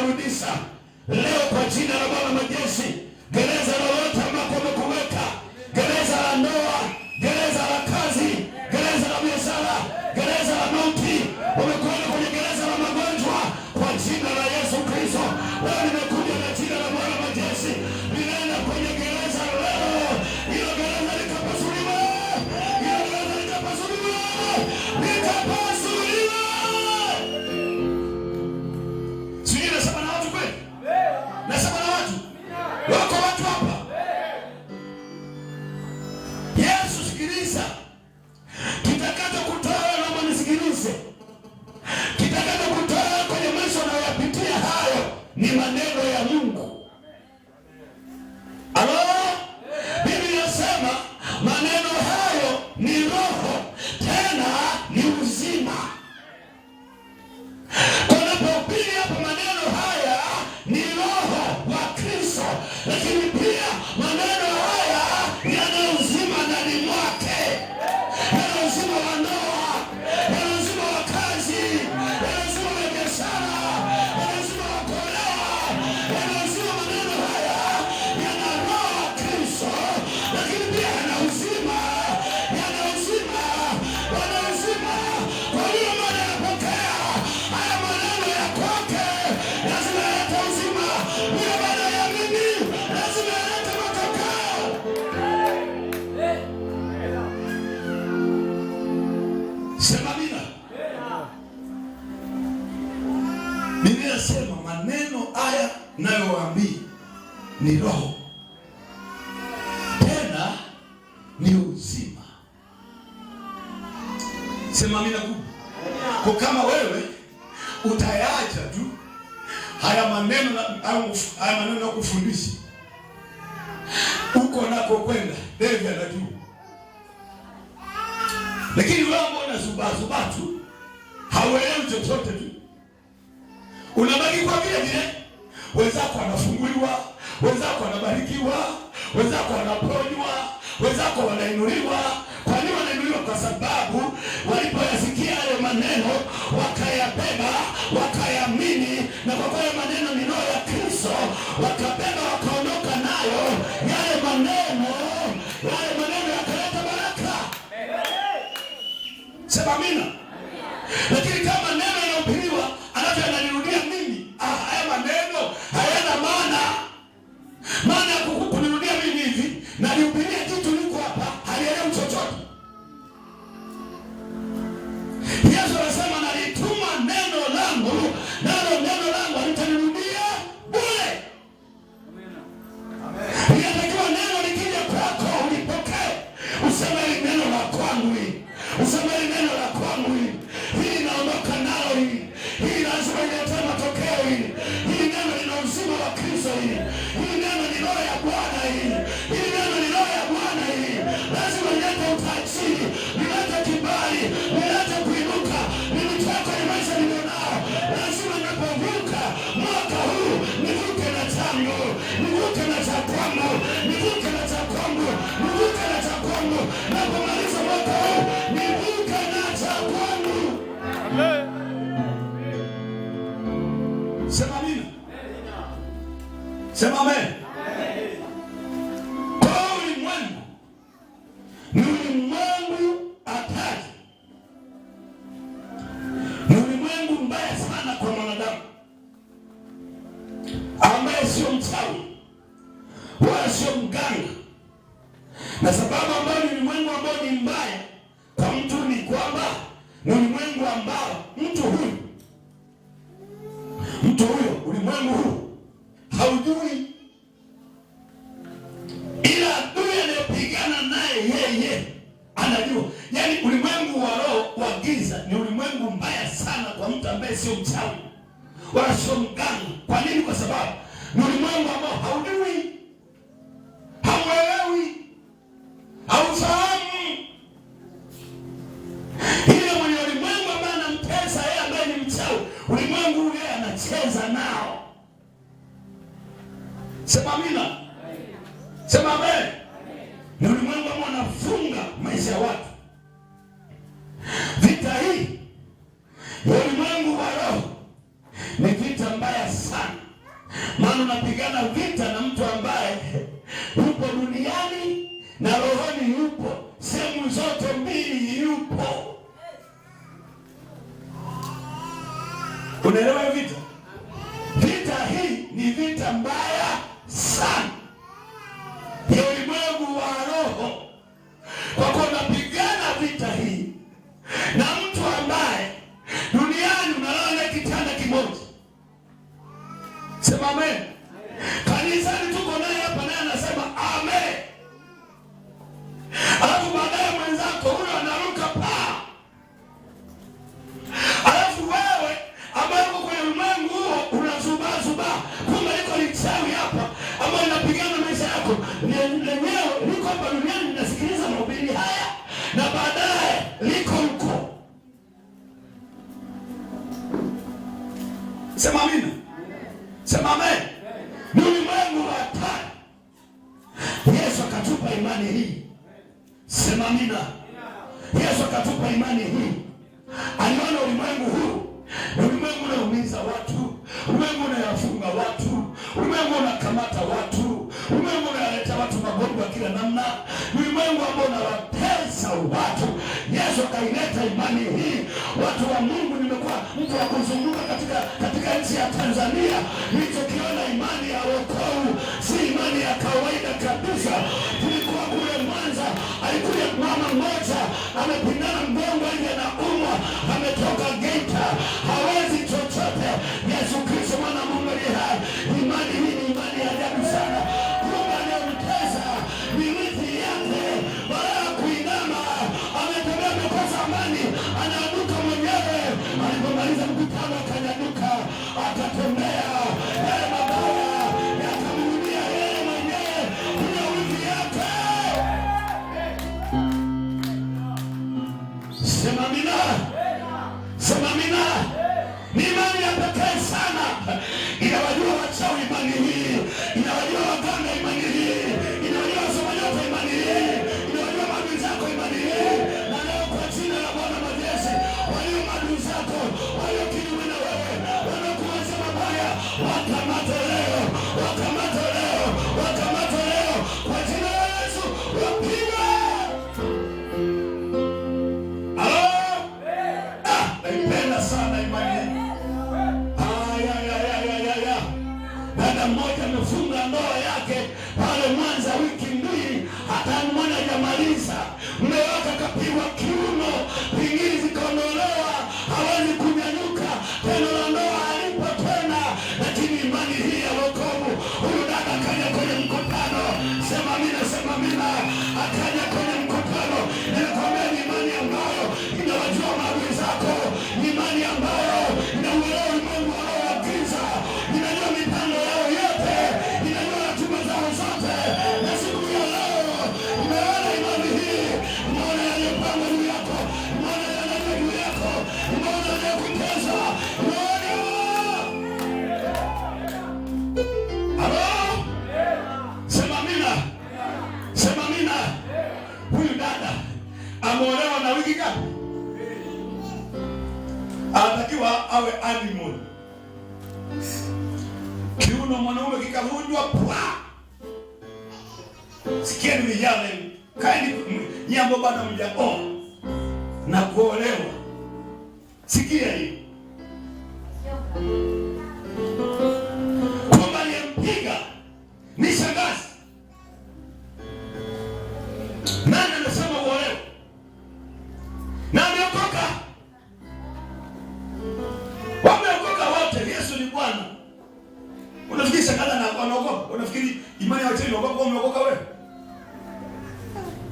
amerudisha leo kwa jina la Bwana majeshi gereza la kabisa Sema amina kubwa. Kwa kama wewe utayacha tu haya maneno na haya maneno ya kufundisha uko nako kwenda David anajua, lakini wewe mbona zuba zuba tu, hauelewi chochote tu, unabaki kwa vile vile. Wenzako anafunguliwa, wenzako anabarikiwa, wenzako anaponywa, wenzako wanainuliwa kwa sababu walipoyasikia hayo maneno wakayabeba, wakayamini, na kwa kuwa maneno ni roho ya Kristo, wakabeba wakaondoka nayo yale maneno, yale maneno yakaleta baraka. Sema amina. Somebody Sema amina. Sema amen. anajua. Yaani ulimwengu wa roho wa giza ni ulimwengu mbaya sana kwa mtu ambaye sio mchawi wala sio mganga. Kwa nini? Kwa sababu ni ulimwengu ambao haujui, hauelewi, haufahamu. Ile mwenye ulimwengu ambaye anampesa yeye ambaye ni mchawi, ulimwengu yeye anacheza nao. Sema amina, sema amen na ulimwengu ambao wanafunga maisha ya watu. Vita hii ya ulimwengu wa roho ni vita mbaya sana, maana unapigana vita na mtu ambaye yupo duniani na rohoni yupo, sehemu zote mbili yupo. Unaelewa vita? Vita hii ni vita mbaya sana. kuzunguka katika katika nchi ya Tanzania, nilichokiona imani ya wokovu si imani ya kawaida kabisa. Tulikuwa kule Mwanza, alikuja mama mmoja amepindana mgongo nje na umwa ametoka atatembea I Amen. awe animal. Kiuno mwanaume kikavunjwa pwa. Sikieni vijana, kaeni nyambo, bado mjaoa na kuolewa, sikia hii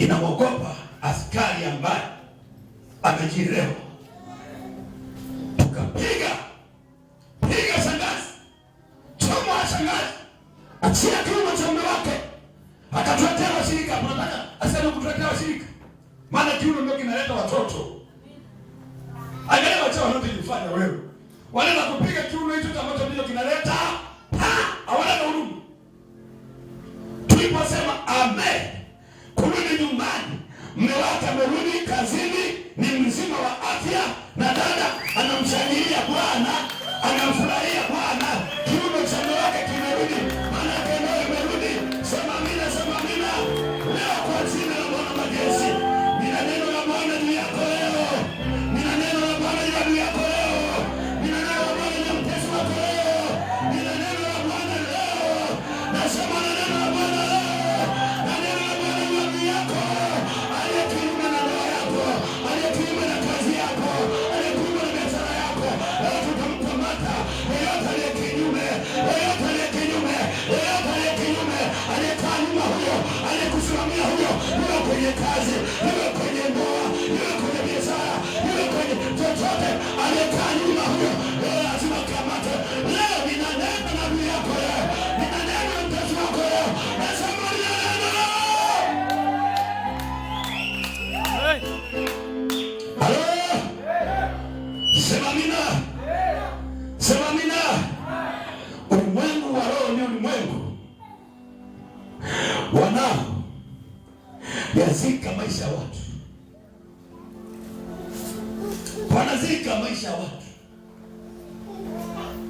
inamwogopa askari ambaye amejirewa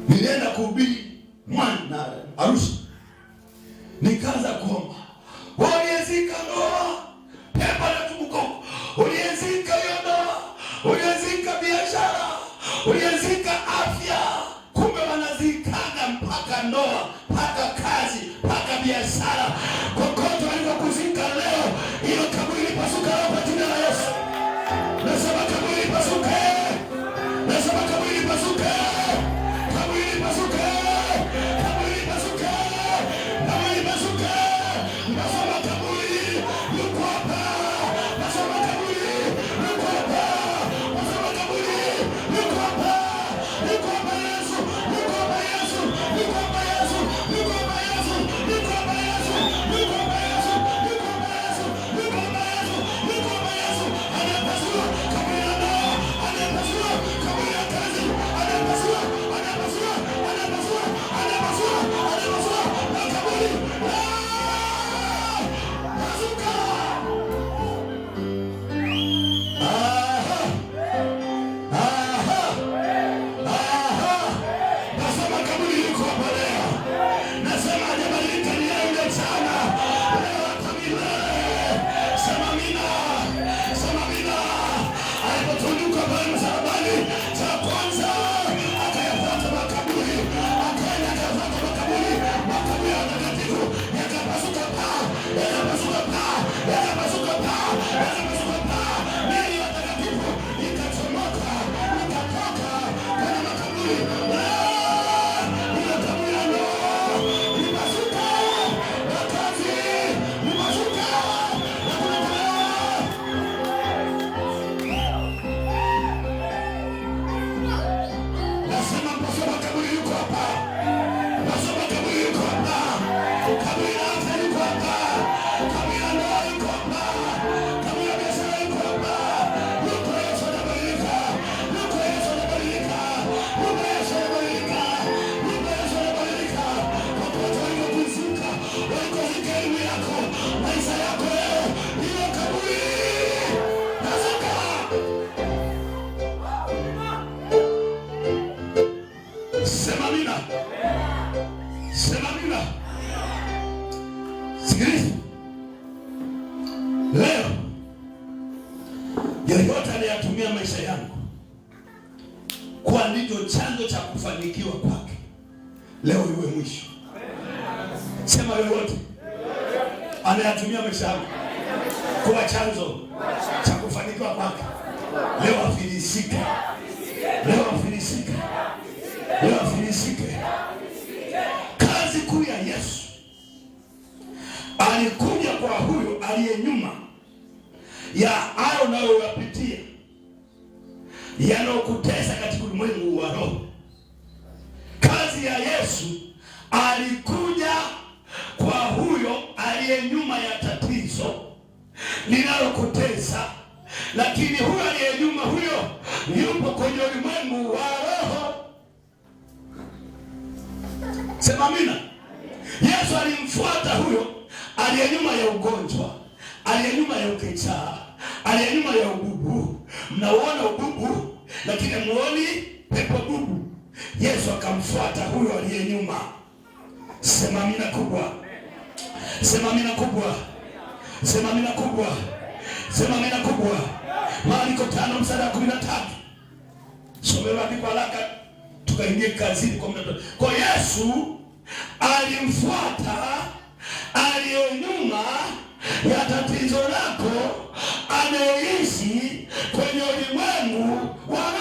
nilienda kuhubiri Mwani na Arusha, nikaanza kuomba waliezika ndoa Sema mina, sema mina. Sikiliza leo ya hayo unayoyapitia yanayokutesa katika ulimwengu wa roho. Kazi ya Yesu, alikuja kwa huyo aliye nyuma ya tatizo linalokutesa, lakini huyo aliye nyuma huyo yupo kwenye ulimwengu wa roho. Sema amina. Yesu alimfuata huyo aliye nyuma ya ugonjwa aliye nyuma ya ukecha, aliye nyuma ya ububu. Mnauona ububu, lakini muoni pepo bubu. Yesu akamfuata huyo aliye nyuma. Sema amina kubwa, sema amina kubwa, sema amina kubwa, sema amina kubwa. Marko tano mstari wa kumi na tatu. Somewa kwa haraka tukaingie kazini kwa mtoto. Kwa Yesu alimfuata aliye nyuma ya tatizo lako anayeishi kwenye ulimwengu wa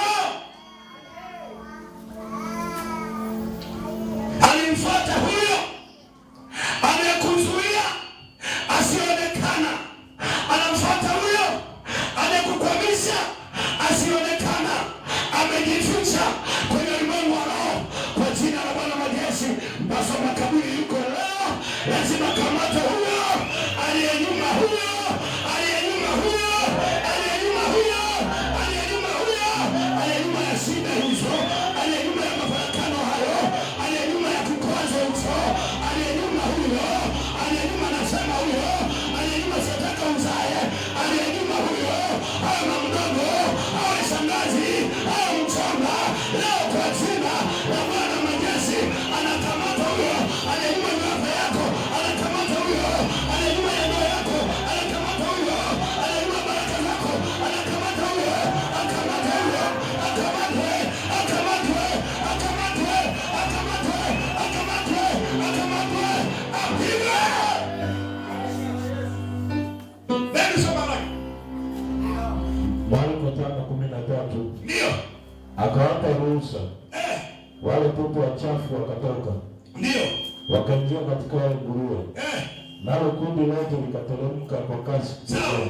Sawa.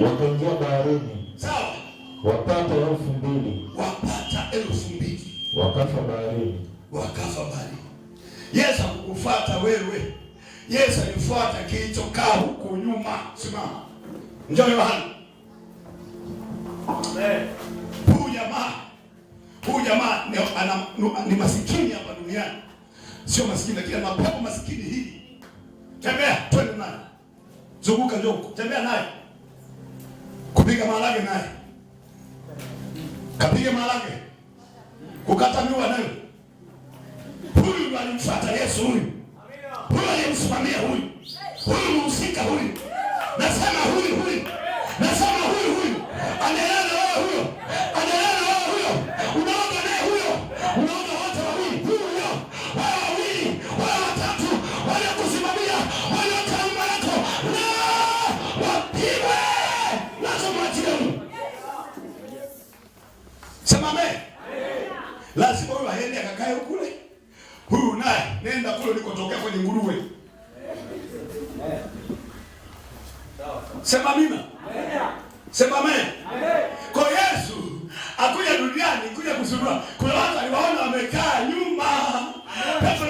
Wakaingia baharini. Wapata elfu mbili. Wapata elfu mbili. Wakafa baharini. Wakafa baharini. Yesu akukufuata wewe. Yesu alifuata kilichokaa huku nyuma. Simama. Njoo Yohana. Eh. Huyu jamaa. Huyu jamaa ni, masikini hapa duniani. Sio masikini lakini anapewa masikini hili. Tembea, twende naye. Zunguka Jongo, tembea naye, kupiga maharage naye, kapiga maharage, kukata miwa naye. Huyu alimfuata Yesu huyu Kristo ulikotokea kwenye nguruwe. Sema amina. Sema amen. Kwa Yesu akuja duniani kuja kuzurua. Kuna watu aliwaona wamekaa nyuma. Petro